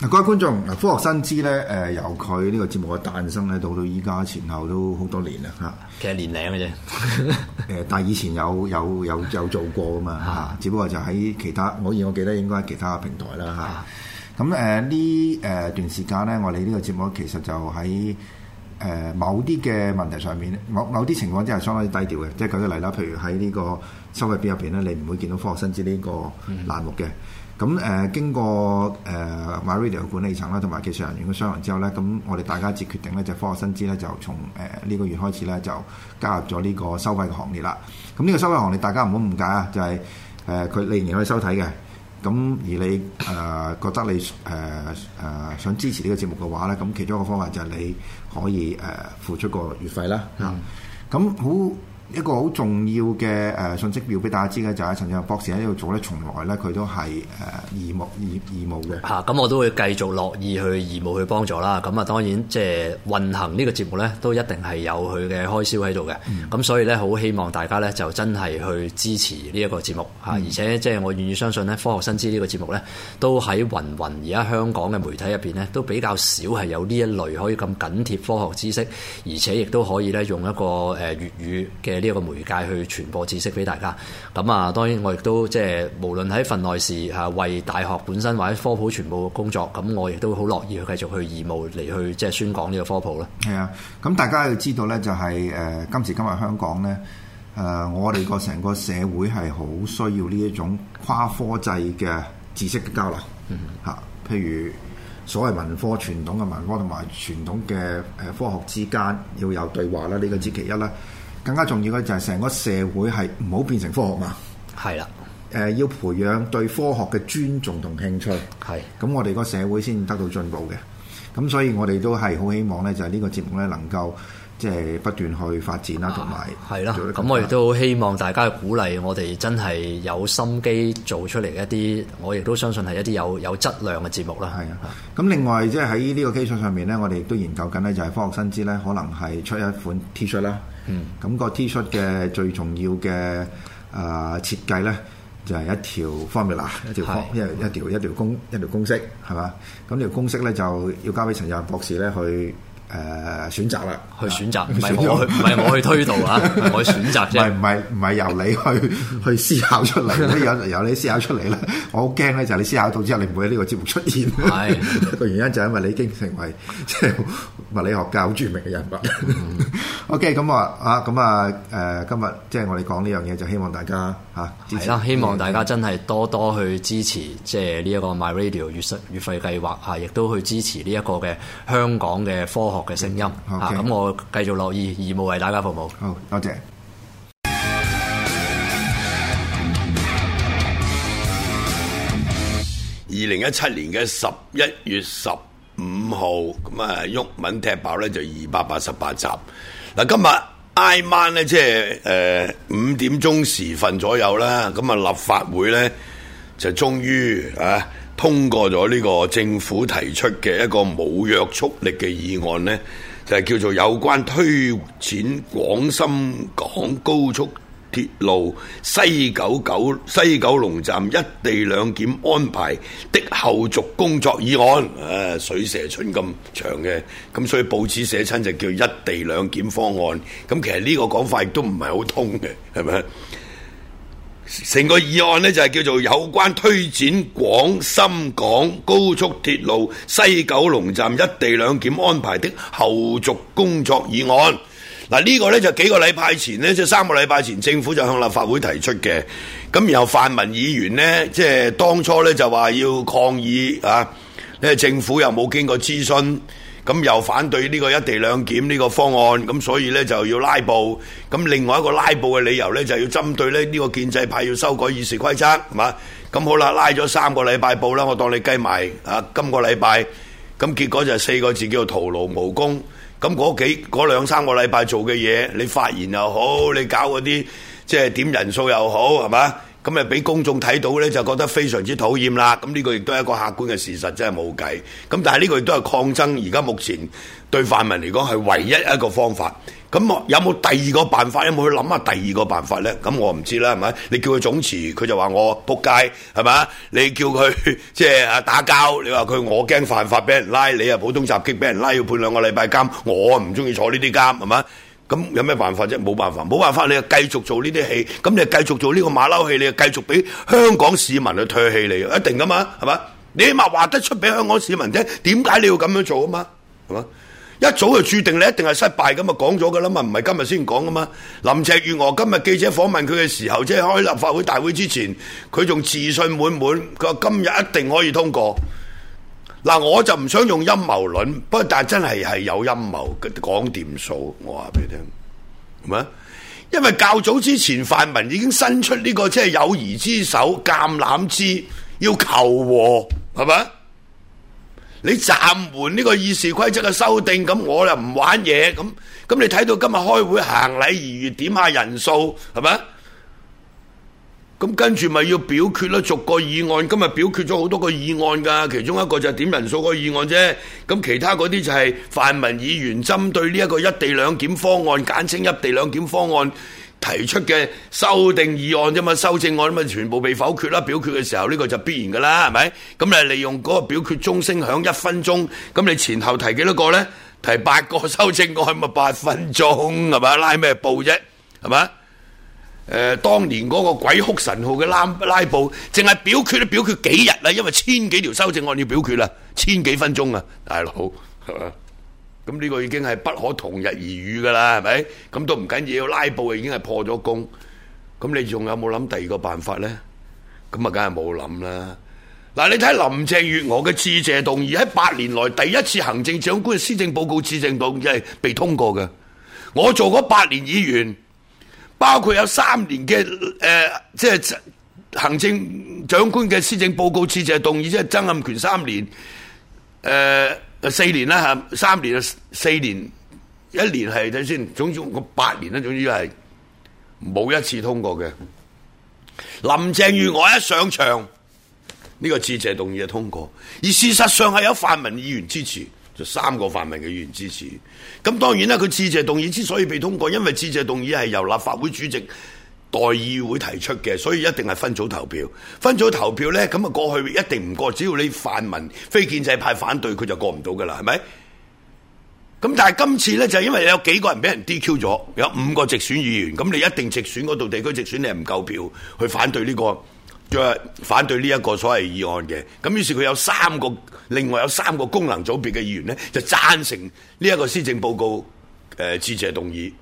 各位觀眾，嗱，科學新知咧，誒，由佢呢個節目嘅誕生咧，到到依家前後都好多年啦，嚇。其實年零嘅啫。誒，但係以前有有有有做過噶嘛，嚇。 只不過就喺其他，我好我記得應該係其他嘅平台啦，嚇 是。咁誒，呢誒段時間咧，我哋呢個節目其實就喺誒某啲嘅問題上面，某某啲情況真係相當之低調嘅，即係舉個例啦，譬如喺呢個收費表入邊咧，你唔會見到科學新知呢個欄目嘅。嗯咁誒、呃、經過誒、呃、MyRadio 管理層啦，同埋技術人員嘅商量之後咧，咁我哋大家至決定咧，就係、科學新知咧就從誒呢、呃呢個月開始咧就加入咗呢個收費嘅行列啦。咁呢個收費行列大家唔好誤解啊，就係誒佢仍然可以收睇嘅。咁而你誒、呃、覺得你誒誒、呃呃、想支持呢個節目嘅話咧，咁其中一個方法就係你可以誒、呃、付出個月費啦。啊，咁好、嗯。嗯一個好重要嘅誒、呃、信息表俾大家知嘅就係、是、陳振博士喺呢度做咧，從來咧佢都係誒、呃、義務義義務嘅。嚇、啊，咁我都會繼續樂意去義務去幫助啦。咁啊，當然即係運行呢個節目咧，都一定係有佢嘅開銷喺度嘅。咁、嗯啊、所以咧，好希望大家咧就真係去支持呢一個節目嚇。啊嗯、而且即係我願意相信咧，科學新知呢個節目咧，都喺芸芸而家香港嘅媒體入邊咧，都比較少係有呢一類可以咁緊貼科學知識，而且亦都可以咧用一個誒粵語嘅。呢一個媒介去傳播知識俾大家咁啊，當然我亦都即係無論喺份內事啊，為大學本身或者科普傳播嘅工作，咁、啊、我亦都好樂意去繼續去義務嚟去即係宣講呢個科普咧。係啊，咁大家要知道呢，就係、是、誒、呃、今時今日香港呢，誒、呃、我哋個成個社會係好需要呢一種跨科際嘅知識嘅交流嚇。嗯、哼譬如所謂文科傳統嘅文科同埋傳統嘅誒科學之間要有對話啦，呢、這個只其一啦。嗯更加重要嘅就係成個社會係唔好變成科學嘛，係啦是的、呃，誒要培養對科學嘅尊重同興趣，係咁是的 我哋個社會先得到進步嘅，咁所以我哋都係好希望咧就係、是、呢個節目咧能夠。即係不斷去發展啦，同埋，係咯、啊。咁我亦都希望大家嘅鼓勵，我哋真係有心機做出嚟一啲，我亦都相信係一啲有有質量嘅節目啦。係啊。咁另外，即係喺呢個基礎上面咧，我哋亦都研究緊咧，就係、是、科學新知咧，可能係出一款 T 恤啦。嗯。咁個 T 恤嘅最重要嘅誒、呃、設計咧，就係一條 formula，的一條方的，一一條一條公一條公式係嘛？咁條公式咧就要交俾陳任博士咧去。誒，選擇啦，去選擇，唔係我，唔係我去推導啊，我去選擇啫。唔係唔係唔係由你去去思考出嚟，由你思考出嚟咧。我好驚咧，就係你思考到之後，你唔會喺呢個節目出現。係個原因就係因為你已經成為即係物理學界好著名嘅人物。O K，咁啊啊，咁啊，誒，今日即係我哋講呢樣嘢，就希望大家吓係啦，希望大家真係多多去支持，即係呢一個 My Radio 月月費計劃啊，亦都去支持呢一個嘅香港嘅科學。嘅聲音嚇，咁、嗯 okay. 嗯、我繼續樂意義務為大家服務。好，多謝，謝。二零一七年嘅十一月十五號，咁啊，毓民踢爆咧就二百八十八集。嗱，今日挨晚咧，即係誒五點鐘時分左右啦。咁啊，立法會咧就終於啊～通過咗呢個政府提出嘅一個冇約束力嘅議案呢，就係、是、叫做有關推展廣深港高速鐵路西九九西九龍站一地兩檢安排的後續工作議案，誒、啊、水蛇春咁長嘅，咁所以報紙寫親就叫一地兩檢方案，咁其實呢個講法亦都唔係好通嘅，係咪？成個議案呢，就係叫做有關推展廣深港高速鐵路西九龍站一地兩檢安排的後續工作議案。嗱，呢個呢，就幾個禮拜前呢，即三個禮拜前，政府就向立法會提出嘅。咁然後泛民議員呢，即係當初呢，就話要抗議啊，呢政府又冇經過諮詢。咁又反對呢個一地兩檢呢個方案，咁所以呢就要拉布。咁另外一個拉布嘅理由呢，就要針對咧呢個建制派要修改議事規則，係嘛？咁好啦，拉咗三個禮拜布啦，我當你計埋啊，今個禮拜，咁結果就係四個字叫做徒勞無功。咁嗰幾兩三個禮拜做嘅嘢，你發言又好，你搞嗰啲即係點人數又好，係嘛？咁啊，俾公眾睇到咧，就覺得非常之討厭啦。咁呢個亦都係一個客觀嘅事實，真係冇計。咁但係呢個亦都係抗爭，而家目前對泛民嚟講係唯一一個方法。咁我有冇第二個辦法？有冇去諗下第二個辦法咧？咁我唔知啦，係咪？你叫佢總辭，佢就話我撲街，係咪？你叫佢即係啊打交，你話佢我驚犯法俾人拉，你啊普通襲擊俾人拉，要判兩個禮拜監，我唔中意坐呢啲監，係咪？咁有咩辦法啫？冇辦法，冇辦法，你又繼續做呢啲戲，咁你又繼續做呢個馬騮戲，你又繼續俾香港市民去唾棄你，一定噶嘛，係嘛？你起碼話得出俾香港市民啫？點解你要咁樣做啊嘛？係嘛？一早就註定你一定係失敗咁啊，講咗噶啦嘛，唔係今日先講噶嘛。林鄭月娥今日記者訪問佢嘅時候，即係開立法會大會之前，佢仲自信滿滿，佢話今日一定可以通過。嗱，我就唔想用陰謀論，不過但真係係有陰謀，講掂數，我話俾你聽，係咪？因為較早之前泛民已經伸出呢個即係友誼之手、橄欖枝，要求和，係咪？你暫緩呢個議事規則嘅修訂，咁我又唔玩嘢，咁咁你睇到今日開會行禮如儀點下人數，係咪？咁跟住咪要表決咯，逐個議案。今日表決咗好多個議案㗎，其中一個就係點人數個議案啫。咁其他嗰啲就係泛民議員針對呢一個一地兩檢方案，簡稱一地兩檢方案提出嘅修訂議案啫嘛，修正案咁啊，全部被否決啦。表決嘅時候呢個就必然㗎啦，係咪？咁你利用嗰個表決鐘聲響一分鐘，咁你前後提幾多個咧？提八個修正案，咪八分鐘係咪？拉咩布啫？係咪？誒、呃，當年嗰個鬼哭神號嘅拉拉布，淨係表決都表決幾日啦，因為千幾條修正案要表決啦，千幾分鐘啊，大佬係嘛？咁呢個已經係不可同日而語噶啦，係咪？咁都唔緊要，拉布已經係破咗功。咁你仲有冇諗第二個辦法咧？咁啊，梗係冇諗啦。嗱，你睇林鄭月娥嘅致謝動議，而喺八年來第一次行政長官施政報告致謝動議，即係被通過嘅。我做咗八年議員。包括有三年嘅誒、呃，即係行政長官嘅施政報告致謝動議，即係曾蔭權三年誒、呃、四年啦嚇，三年啊，四年，一年係睇先，總之我八年啦，總之係冇一次通過嘅。林鄭月娥一上場，呢、這個致謝動議就通過，而事實上係有泛民議員支持。就三個泛民嘅議員支持，咁當然啦，佢致謝動議之所以被通過，因為致謝動議係由立法會主席代議會提出嘅，所以一定係分組投票。分組投票呢，咁啊過去一定唔過，只要你泛民、非建制派反對，佢就過唔到噶啦，係咪？咁但係今次呢，就是、因為有幾個人俾人 DQ 咗，有五個直選議員，咁你一定直選嗰度地區直選，你係唔夠票去反對呢、這個。反對呢一個所謂議案嘅，咁於是佢有三個，另外有三個功能組別嘅議員呢，就贊成呢一個施政報告誒致謝動議。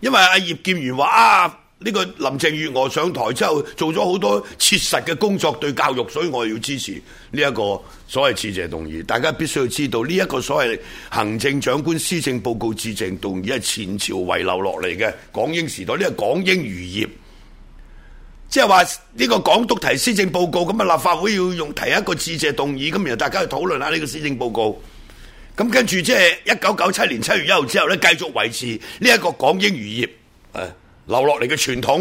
因為阿葉建源話啊，呢、這個林鄭月娥上台之後做咗好多切實嘅工作對教育，所以我要支持呢一個所謂致謝動議。大家必須要知道呢一個所謂行政長官施政報告致謝動議係前朝遺留落嚟嘅港英時代，呢個港英餘業。即係話呢個港督提施政報告，咁啊立法會要用提一個致謝動議，咁然後大家去討論下呢個施政報告。咁跟住即係一九九七年七月一號之後咧，繼續維持呢一個港英餘孽誒留落嚟嘅傳統。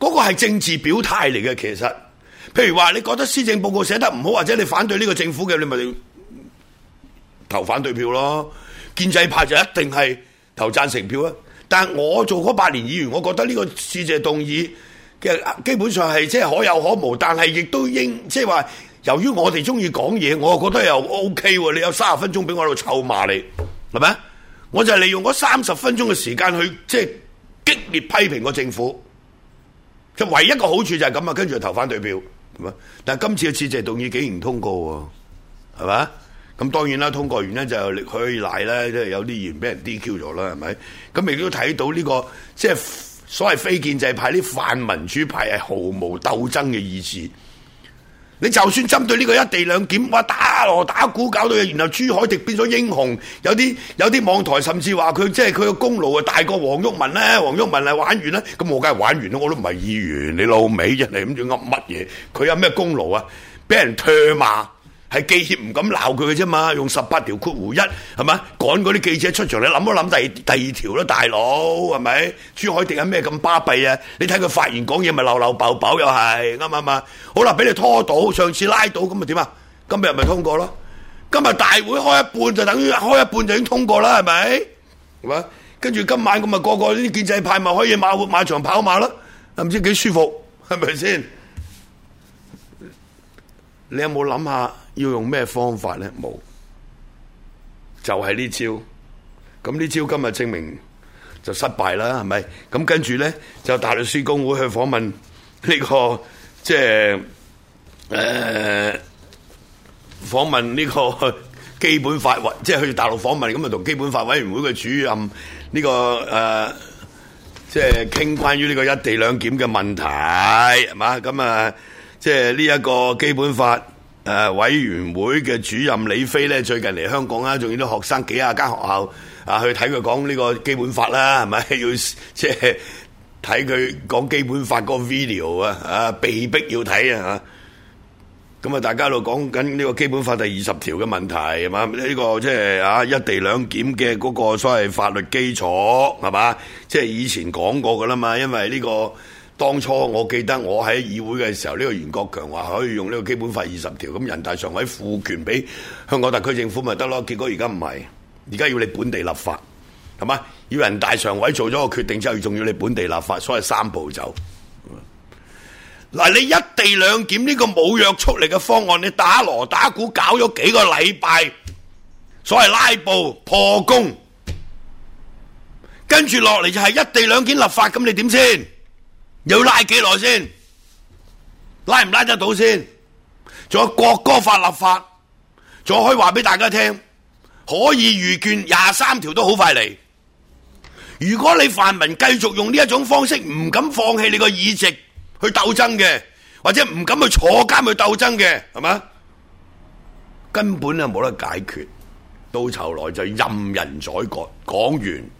嗰、這個係政治表態嚟嘅，其實譬如話你覺得施政報告寫得唔好，或者你反對呢個政府嘅，你咪投反對票咯。建制派就一定係投贊成票啊。但係我做嗰八年議員，我覺得呢個致謝動議。其實基本上係即係可有可無，但係亦都應即係話，由於我哋中意講嘢，我覺得又 O K 喎。你有三十分鐘俾我喺度臭罵你，係咪？我就係利用嗰三十分鐘嘅時間去即係激烈批評個政府。就唯一個好處就係咁啊，跟住投反對票，係咪？但係今次嘅嗰隻動議竟然通過喎，係咪？咁當然啦，通過完呢就係佢賴啦，即係有啲議員俾人 D Q 咗啦，係咪？咁亦都睇到呢、這個即係。所謂非建制派啲泛民主派係毫無鬥爭嘅意思，你就算針對呢個一地兩檢，哇打鑼打鼓搞到，然後朱凱廸變咗英雄，有啲有啲網台甚至話佢即係佢嘅功勞啊大過黃毓民咧，黃毓民係玩完啦，咁我梗係玩完啦，我都唔係議員，你老味，啫，你諗住噏乜嘢？佢有咩功勞啊？俾人唾罵。係記協唔敢鬧佢嘅啫嘛，用十八條括弧一係嘛，趕嗰啲記者出場。你諗一諗第二第二條啦，大佬係咪？珠海迪啊咩咁巴閉啊？你睇佢發言講嘢咪流流爆爆又係，啱啱啱？好啦，俾你拖到上次拉到咁咪點啊？今日咪通過咯？今日大會開一半就等於開一半就已經通過啦，係咪？係嘛？跟住今晚咁咪個個呢啲建制派咪可以馬活馬場跑馬咯，唔知幾舒服，係咪先？你有冇諗下要用咩方法咧？冇，就係呢招。咁呢招今日證明就失敗啦，係咪？咁跟住咧就大律師公會去訪問呢個，即係誒訪問呢個基本法委，即係去大陸訪問，咁啊同基本法委員會嘅主任呢個誒，即係傾關於呢個一地兩檢嘅問題，係嘛？咁啊。呃即係呢一個基本法誒、呃、委員會嘅主任李飛咧，最近嚟香港啊，仲要啲學生幾廿間學校啊去睇佢講呢個基本法啦，係咪要即係睇佢講基本法嗰個 video 啊？啊，被逼要睇啊！咁啊，大家度講緊呢個基本法第二十條嘅問題係嘛？呢、這個即係啊一地兩檢嘅嗰個所謂法律基礎係嘛？即係以前講過㗎啦嘛，因為呢、這個。當初我記得我喺議會嘅時候，呢個袁國強話可以用呢個基本法二十條，咁人大常委賦權俾香港特區政府咪得咯？結果而家唔係，而家要你本地立法係嘛？要人大常委做咗個決定之後，仲要你本地立法，所謂三步走。嗱，你一地兩檢呢個冇約束力嘅方案，你打鑼打鼓搞咗幾個禮拜，所謂拉布破功，跟住落嚟就係一地兩檢立法，咁你點先？要拉幾耐先？拉唔拉得到先？仲有國歌法立法，仲可以話俾大家聽，可以預見廿三條都好快嚟。如果你泛民繼續用呢一種方式，唔敢放棄你個議席去鬥爭嘅，或者唔敢去坐監去鬥爭嘅，係嘛？根本就冇得解決，到頭來就任人宰割。講完。